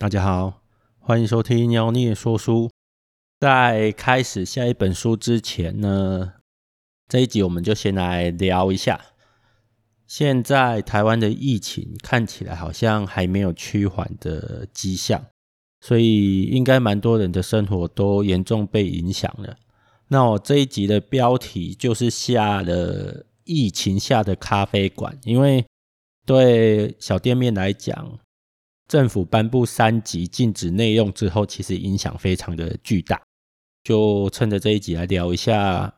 大家好，歡迎收聽妖孽說書。在開始下一本書之前呢，這一集我們就先來聊一下，現在台灣的疫情看起來好像還沒有趨緩的跡象，所以應該蠻多人的生活都嚴重被影響了。那我這一集的標題就是《下了疫情下的咖啡館》，因為對小店面來講，政府頒布三級禁止內用之後，其實影響非常的巨大。就趁着這一集來聊一下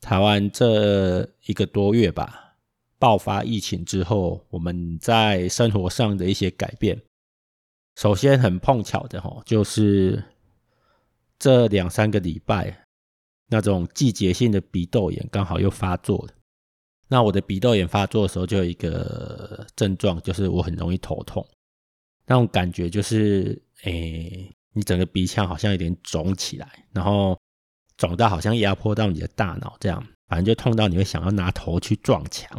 台灣這一個多月吧。爆發疫情之後，我們在生活上的一些改變。首先很碰巧的吼，就是這兩三個禮拜，那種季節性的鼻竇炎剛好又發作了，那我的鼻竇炎發作的時候，就有一個症狀，就是我很容易頭痛。那種感覺就是，誒，你整個鼻腔好像有點腫起來，然後腫到好像壓迫到你的大腦，這樣反正就痛到你會想要拿頭去撞牆。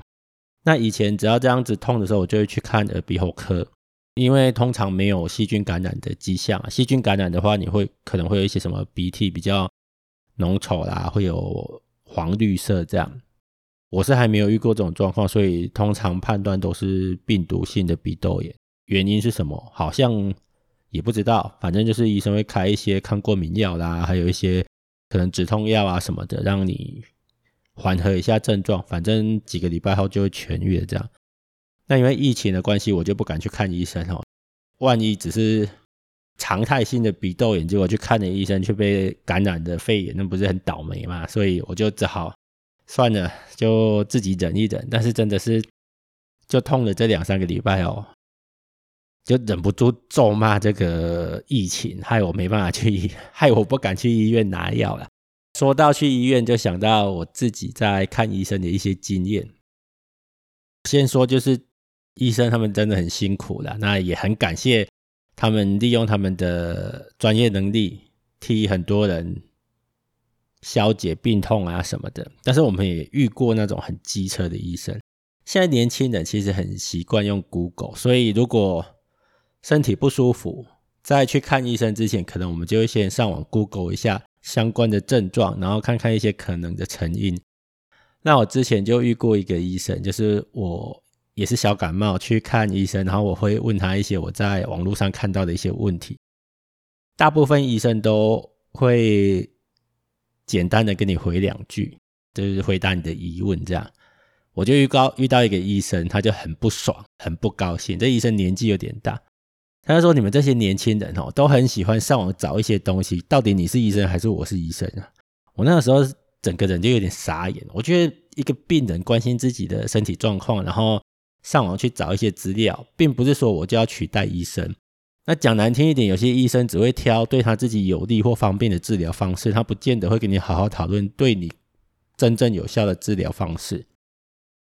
那以前只要這樣子痛的時候，我就會去看耳鼻喉科，因為通常沒有細菌感染的跡象，細菌感染的話，你會可能會有一些什麼鼻涕比較濃稠啦，會有黃綠色這樣。我是還沒有遇過這種狀況，所以通常判斷都是病毒性的鼻竇炎。原因是什麼？好像也不知道，反正就是醫生會開一些抗過敏藥啦，還有一些可能止痛藥啊什麼的，讓你緩和一下症狀。反正幾個禮拜後就會痊癒了。這樣。那因為疫情的關係，我就不敢去看醫生哦。萬一只是常態性的鼻竇炎，結果去看了醫生卻被感染的肺炎，那不是很倒霉嘛？所以我就只好算了，就自己忍一忍。但是真的是就痛了這兩三個禮拜哦。就忍不住咒罵這個疫情，害我沒辦法去醫，害我不敢去醫院拿藥啦。說到去醫院，就想到我自己在看醫生的一些經驗。先說，就是醫生他們真的很辛苦啦，那也很感謝他們利用他們的專業能力替很多人消解病痛啊什麼的。但是我們也遇過那種很機車的醫生。現在年輕人其實很習慣用 Google，所以如果身體不舒服，在去看醫生之前，可能我們就會先上網 Google 一下相關的症狀，然後看看一些可能的成因。那我之前就遇過一個醫生，就是我也是小感冒去看醫生，然後我會問他一些我在網絡上看到的一些問題。大部分醫生都會簡單的跟你回兩句，就是回答你的疑問這樣。我就遇到遇到一個醫生，他就很不爽，很不高興。這醫生年紀有點大。他說：“你們這些年輕人哦，都很喜歡上網找一些東西。到底你是醫生還是我是醫生啊？”我那個時候整個人就有點傻眼。我覺得一個病人關心自己的身體狀況，然後上網去找一些資料，並不是說我就要取代醫生。那講難聽一點，有些醫生只會挑對他自己有利或方便的治療方式，他不見得會跟你好好討論對你真正有效的治療方式，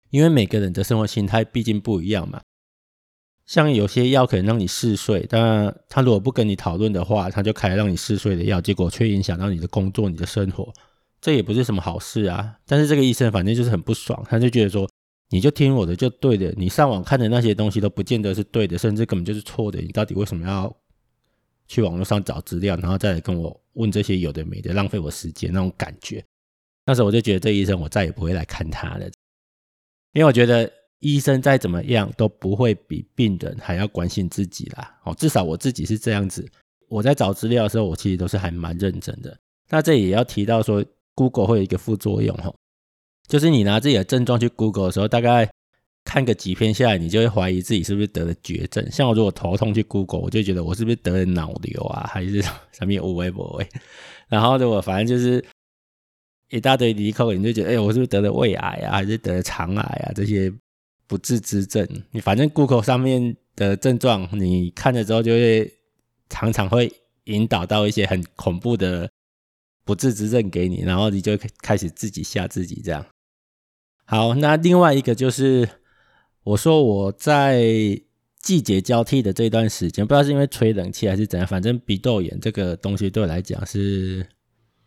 因為每個人的生活心態畢竟不一樣嘛。像有些藥可能讓你嗜睡，當然他如果不跟你討論的話，他就開讓你嗜睡的藥，結果卻影響到你的工作、你的生活，這也不是什麼好事啊。但是這個醫生反正就是很不爽，他就覺得說，你就聽我的就對的，你上網看的那些東西都不見得是對的，甚至根本就是錯的。你到底為什麼要去網絡上找資料，然後再跟我問這些有的沒的，浪費我時間那種感覺。那時候我就覺得這醫生我再也不會來看他了，因為我覺得。醫生再怎麼樣都不會比病人還要關心自己啦。哦，至少我自己是這樣子。我在找資料的時候，我其實都是還蠻認真的。那這也要提到說，Google 會有一個副作用哈，就是你拿自己的症狀去 Google 的時候，大概看個幾篇下來，你就會懷疑自己是不是得了絕症。像我如果頭痛去 Google，我就覺得我是不是得了腦瘤啊，還是什麼有的沒的？然後如果反正就是一大堆疑口，你就覺得哎、欸，我是不是得了胃癌啊，還是得了腸癌啊這些？不治之症，你反正 Google 上面的症狀，你看了之後就會常常會引導到一些很恐怖的不治之症給你，然後你就開始自己嚇自己這樣。好，那另外一個就是，我說我在季節交替的這段時間，不知道是因為吹冷氣還是怎樣，反正鼻竇炎這個東西對我來講是，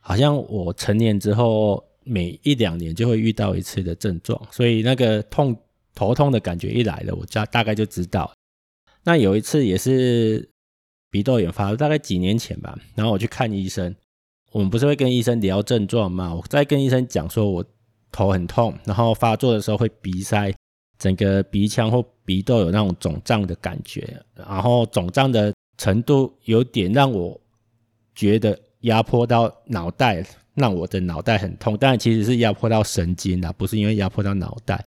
好像我成年之後每一兩年就會遇到一次的症狀，所以那個痛。頭痛的感覺一來了，我大概就知道。那有一次也是鼻竇炎發作，大概幾年前吧。然後我去看醫生，我們不是會跟醫生聊症狀嘛？我在跟醫生講說，我頭很痛，然後發作的時候會鼻塞，整個鼻腔或鼻竇有那種腫脹的感覺，然後腫脹的程度有點讓我覺得壓迫到腦袋，讓我的腦袋很痛。但其實是壓迫到神經啦，不是因為壓迫到腦袋。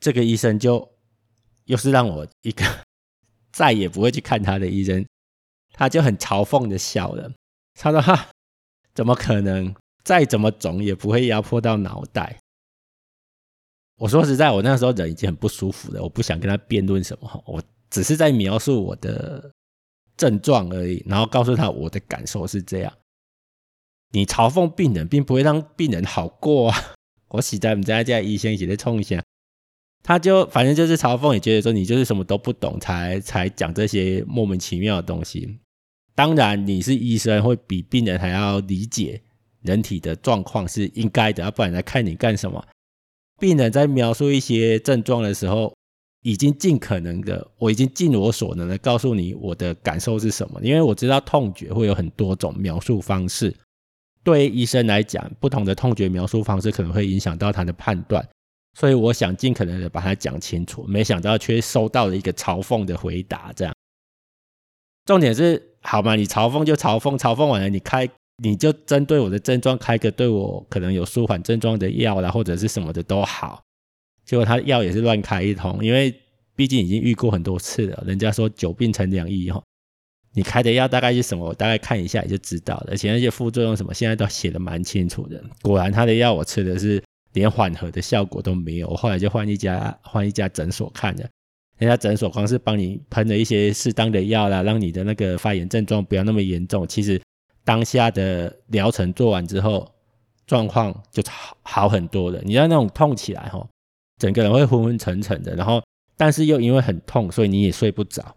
這個醫生就又是讓我一個再也不會去看他的醫生，他就很嘲諷的笑了。他說：“哈，怎麼可能？再怎麼腫也不會壓迫到腦袋。”我說實在，我那時候人已經很不舒服了，我不想跟他辯論什麼，我只是在描述我的症狀而已，然後告訴他我的感受是這樣。你嘲諷病人，並不會讓病人好過啊！我實在不知道這樣醫生起在衝一下。他就反正就是嘲諷，也覺得說你就是什麼都不懂，才才講這些莫名其妙的東西。當然，你是醫生，會比病人還要理解人體的狀況是應該的，啊，要不然來看你幹什麼？病人在描述一些症狀的時候，已經盡可能的，我已經盡我所能的告訴你我的感受是什麼，因為我知道痛覺會有很多種描述方式。對於醫生來講，不同的痛覺描述方式可能會影響到他的判斷。所以我想盡可能的把它講清楚，沒想到卻收到了一個嘲諷的回答。這樣，重點是，好嘛，你嘲諷就嘲諷，嘲諷完了你開，你就針對我的症狀開個對我可能有舒緩症狀的藥啦，或者是什麼的都好。結果他的藥也是亂開一通，因為畢竟已經遇過很多次了。人家說久病成良醫哦，你開的藥大概是什麼？我大概看一下也就知道了，而且那些副作用什麼現在都寫的蠻清楚的。果然他的藥我吃的是。連緩和的效果都沒有，我後來就換一家換一家診所看了，那家診所光是幫你噴了一些適當的藥啦，讓你的那個發炎症狀不要那麼嚴重。其實當下的療程做完之後，狀況就好好很多了。你知道那種痛起來哈，整個人會昏昏沉沉的，然後但是又因為很痛，所以你也睡不着。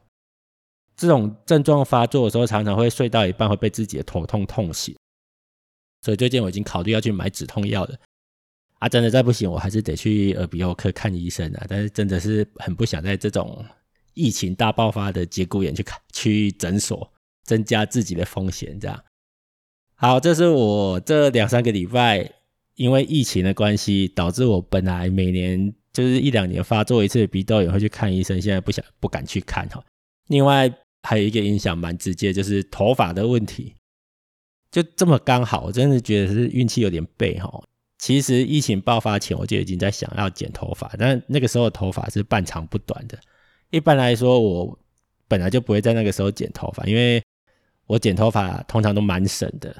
這種症狀發作的時候，常常會睡到一半會被自己的頭痛痛醒。所以最近我已經考慮要去買止痛藥了。啊，真的再不行，我還是得去耳鼻喉科看醫生啊。但是真的是很不想在這種疫情大爆發的節骨眼去看去診所，增加自己的風險這樣。好，這是我這兩三個禮拜因為疫情的關係，導致我本來每年就是一兩年發作一次的鼻竇炎也會去看醫生，現在不想不敢去看哈。另外還有一個影響蠻直接，就是頭髮的問題，就這麼剛好，我真的覺得是運氣有點背哈。其實疫情爆發前，我就已經在想要剪頭髮，但那個時候頭髮是半長不短的。一般來說，我本來就不會在那個時候剪頭髮，因為我剪頭髮，啊，通常都蠻省的。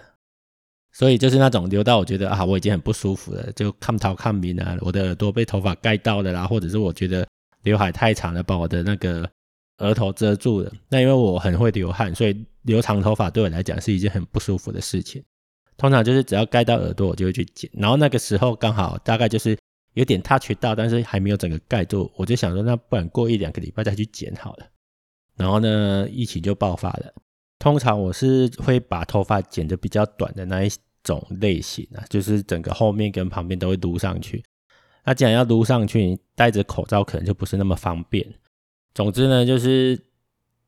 所以就是那種留到我覺得啊，我已經很不舒服了，就看頭看明啊，我的耳朵被頭髮蓋到了啦，或者是我覺得劉海太長了，把我的那個額頭遮住了。那因為我很會流汗，所以留長頭髮對我來講是一件很不舒服的事情。通常就是只要蓋到耳朵，我就會去剪。然後那個時候剛好大概就是有點 touch 到，但是還沒有整個蓋住。我就想說，那不然過一兩個禮拜再去剪好了。然後呢，疫情就爆發了。通常我是會把頭髮剪得比較短的那一種類型啊，就是整個後面跟旁邊都會擼上去。那既然要擼上去，你戴着口罩可能就不是那麼方便。總之呢，就是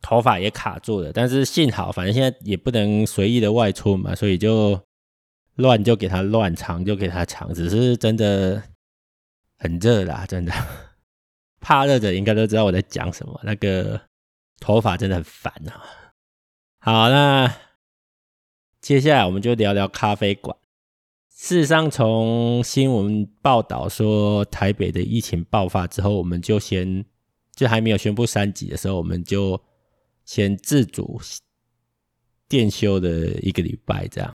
頭髮也卡住了，但是幸好反正現在也不能隨意的外出嘛，所以就。亂就給他亂，長就給他長，只是真的很熱啦，真的，怕熱的應該都知道我在講什麼。那個頭髮真的很煩啊。好，那接下來我們就聊聊咖啡館。事實上，從新聞報道說台北的疫情爆發之後，我們就先就還沒有宣布三級的時候，我們就先自主店休的一個禮拜這樣。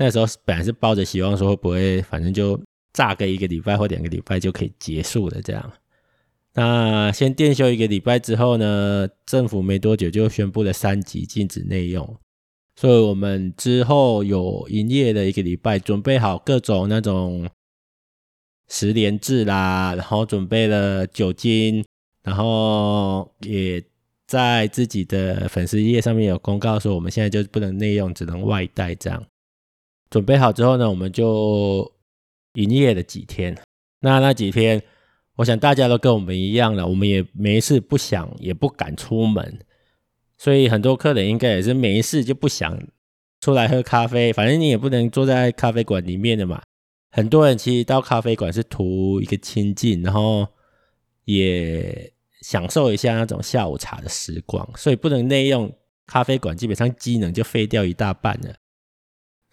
那時候本來是抱着希望說不會，反正就炸個一個禮拜或兩個禮拜就可以結束了這樣。那先店休一個禮拜之後呢，政府沒多久就宣布了三級禁止內用，所以我們之後有營業的一個禮拜，準備好各種那種實聯制啦，然後準備了酒精，然後也在自己的粉絲頁上面有公告說我們現在就不能內用，只能外帶這樣。準備好之後呢，我們就營業了幾天。那那幾天，我想大家都跟我們一樣了，我們也沒事，不想也不敢出門，所以很多客人應該也是沒事就不想出來喝咖啡。反正你也不能坐在咖啡館裡面的嘛。很多人其實到咖啡館是圖一個清靜，然後也享受一下那種下午茶的時光。所以不能內用，咖啡館基本上機能就廢掉一大半了。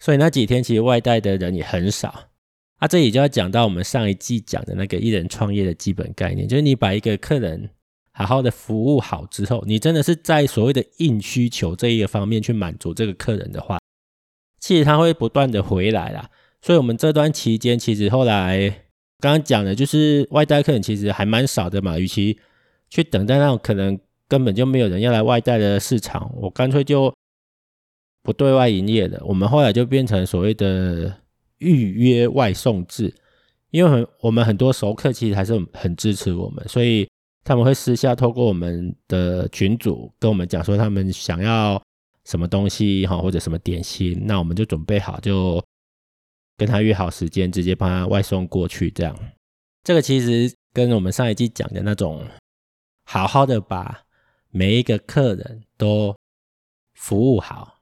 所以那幾天其實外帶的人也很少啊，這裡就要講到我們上一季講的那個一人創業的基本概念，就是你把一個客人好好的服務好之後，你真的是在所謂的硬需求這一個方面去滿足這個客人的話，其實他會不斷的回來啦，所以，我們這段期間其實後來剛剛講的就是外帶客人其實還蠻少的嘛，與其去等待那種可能根本就沒有人要來外帶的市場，我乾脆就。不對外營業的，我們後來就變成所謂的預約外送制，因為很我們很多熟客其實還是很支持我們，所以他們會私下透過我們的群組跟我們講說他們想要什麼東西哈或者什麼點心，那我們就準備好就跟他約好時間，直接幫他外送過去。這樣，這個其實跟我們上一季講的那種，好好的把每一個客人都服務好。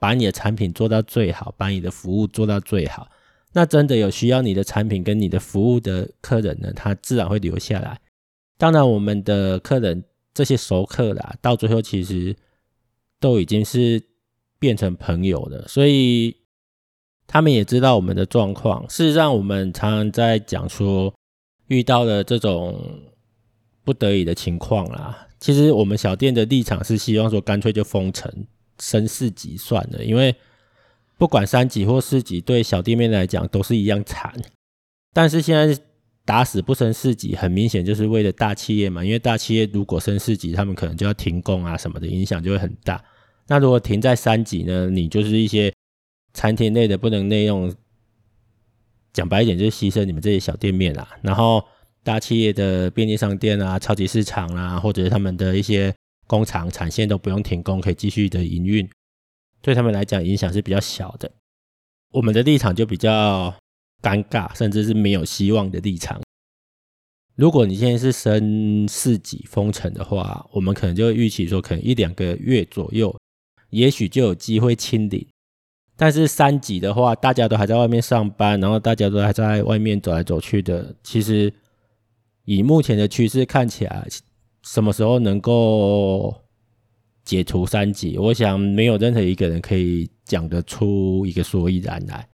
把你的產品做到最好，把你的服務做到最好，那真的有需要你的產品跟你的服務的客人呢，他自然會留下來。當然，我們的客人這些熟客啦，到最後其實都已經是變成朋友了，所以他們也知道我們的狀況。事實上，我們常常在講說遇到了這種不得已的情況啦，其實我們小店的立場是希望說，乾脆就封城。升四級算了，因為不管三級或四級，對小店面來講都是一樣慘。但是現在打死不升四級，很明顯就是為了大企業嘛。因為大企業如果升四級，他們可能就要停工啊什麼的，影響就會很大。那如果停在三級呢，你就是一些餐廳內的不能內用，講白一點就是犧牲你們這些小店面啦、啊，然後大企業的便利商店啊、超級市場啦、啊，或者是他們的一些。工廠產線都不用停工，可以繼續的營運，對他們來講影響是比較小的。我們的立場就比較尷尬，甚至是沒有希望的立場。如果你現在是升四級封城的話，我們可能就會預期說，可能一兩個月左右，也許就有機會清零。但是三級的話，大家都還在外面上班，然後大家都還在外面走來走去的。其實以目前的趨勢看起來，什麼時候能夠解除三級？我想沒有任何一個人可以講得出一個所以然來，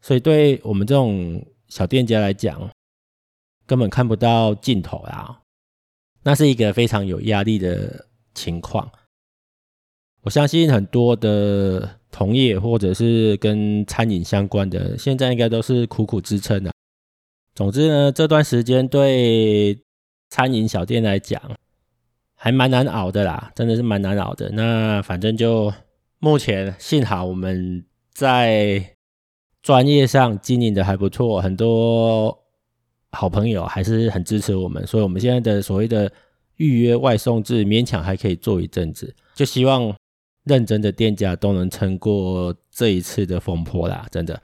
所以對我們這種小店家來講，根本看不到盡頭啦。那是一個非常有壓力的情況。我相信很多的同業或者是跟餐飲相關的，的現在應該都是苦苦支撐啦。總之呢，這段時間對餐飲小店來講，還蠻難熬的啦，真的是蠻難熬的。那反正就目前，幸好我們在專業上經營的還不錯，很多好朋友還是很支持我們，所以，我們現在的所謂的預約外送制勉強還可以做一陣子。就希望認真的店家都能撐過這一次的風波啦，真的。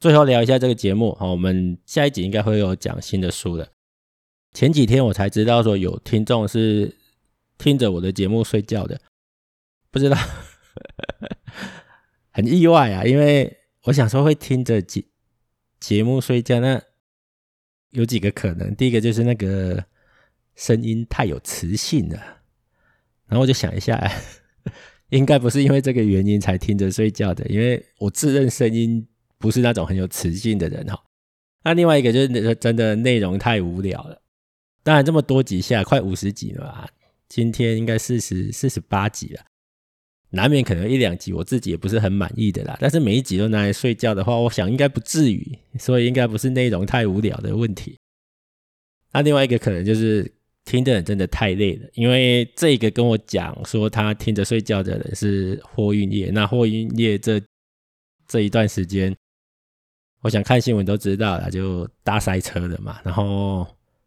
最後聊一下這個節目，好，我們下一集應該會有講新的書的。前幾天我才知道說有聽眾是。聽着我的節目睡覺的，不知道， 很意外啊！因為我想說，會聽着節節目睡覺，那有幾個可能？第一個就是那個聲音太有磁性了，然後我就想一下，應該不是因為這個原因才聽着睡覺的，因為我自認聲音不是那種很有磁性的人哈。那另外一個就是真的內容太無聊了，當然這麼多集下，快五十集了吧。今天應該四十四十八集了，難免可能一兩集我自己也不是很滿意的啦。但是每一集都拿來睡覺的話，我想應該不至於，所以應該不是內容太無聊的問題。那另外一個可能就是聽的人真的太累了，因為這個跟我講說他聽着睡覺的人是貨運業，那貨運業這這一段時間，我想看新聞都知道了，就大塞車了嘛，然後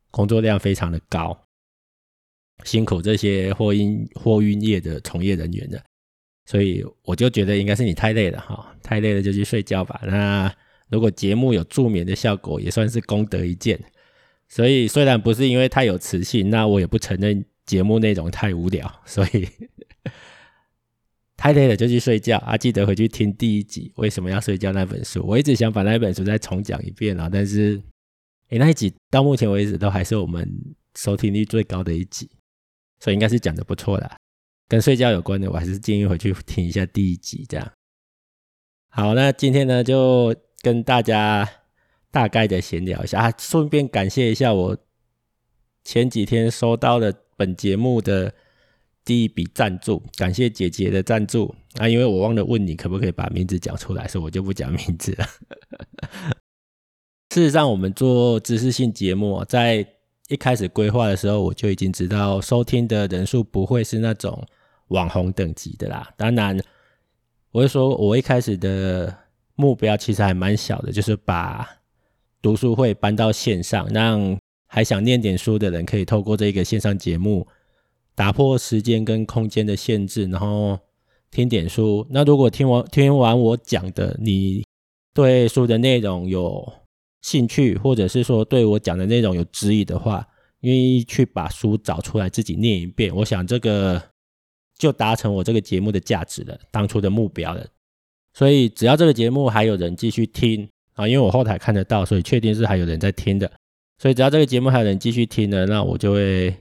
工作量非常的高。辛苦這些貨運貨運業的從業人員了，所以我就覺得應該是你太累了哈、哦，太累了就去睡覺吧。那如果節目有助眠的效果，也算是功德一件。所以雖然不是因為太有磁性，那我也不承認節目內容太無聊。所以 太累了就去睡覺啊！記得回去聽第一集《為什麼要睡覺》那本書，我一直想把那本書再重講一遍啊。但是誒、欸、那一集到目前為止都還是我們收聽率最高的一集。所以應該是講得不錯的，跟睡覺有關的，我還是建議回去聽一下第一集這樣。好，那今天呢就跟大家大概的閒聊一下啊，順便感謝一下我前幾天收到了本節目的第一筆贊助，感謝姐姐的贊助啊，因為我忘了問你可不可以把名字講出來，所以我就不講名字了。 事實上，我們做知識性節目在。一開始規劃的時候，我就已經知道收聽的人數不會是那種網紅等級的啦。當然，我就說，我一開始的目標其實還蠻小的，就是把讀書會搬到線上，讓還想念點書的人可以透過這個線上節目，打破時間跟空間的限制，然後聽點書。那如果聽完聽完我講的，你對書的內容有興趣，或者是說對我講的內容有質疑的話，願意去把書找出來自己念一遍，我想這個就達成我這個節目的價值了，當初的目標了。所以只要這個節目還有人繼續聽啊，因為我後台看得到，所以確定是還有人在聽的。所以只要這個節目還有人繼續聽呢，那我就會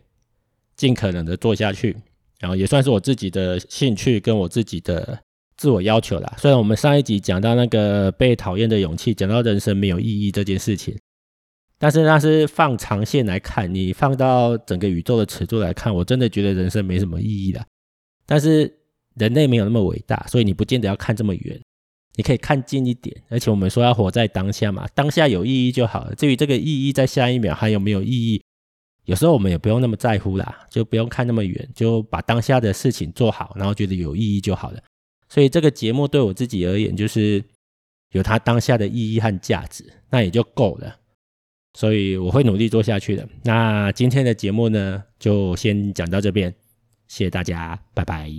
盡可能的做下去，然後也算是我自己的興趣跟我自己的。自我要求啦。雖然我們上一集講到那個被討厭的勇氣，講到人生沒有意義這件事情，但是那是放長線來看，你放到整個宇宙的尺度來看，我真的覺得人生沒什麼意義啦。但是人類沒有那麼偉大，所以你不見得要看這麼遠，你可以看近一點。而且我們說要活在當下嘛，當下有意義就好了。至於這個意義在下一秒還有沒有意義，有時候我們也不用那麼在乎啦，就不用看那麼遠，就把當下的事情做好，然後覺得有意義就好了。所以這個節目對我自己而言，就是有它當下的意義和價值，那也就夠了。所以我會努力做下去的。那今天的節目呢，就先講到這邊，謝謝大家，拜拜。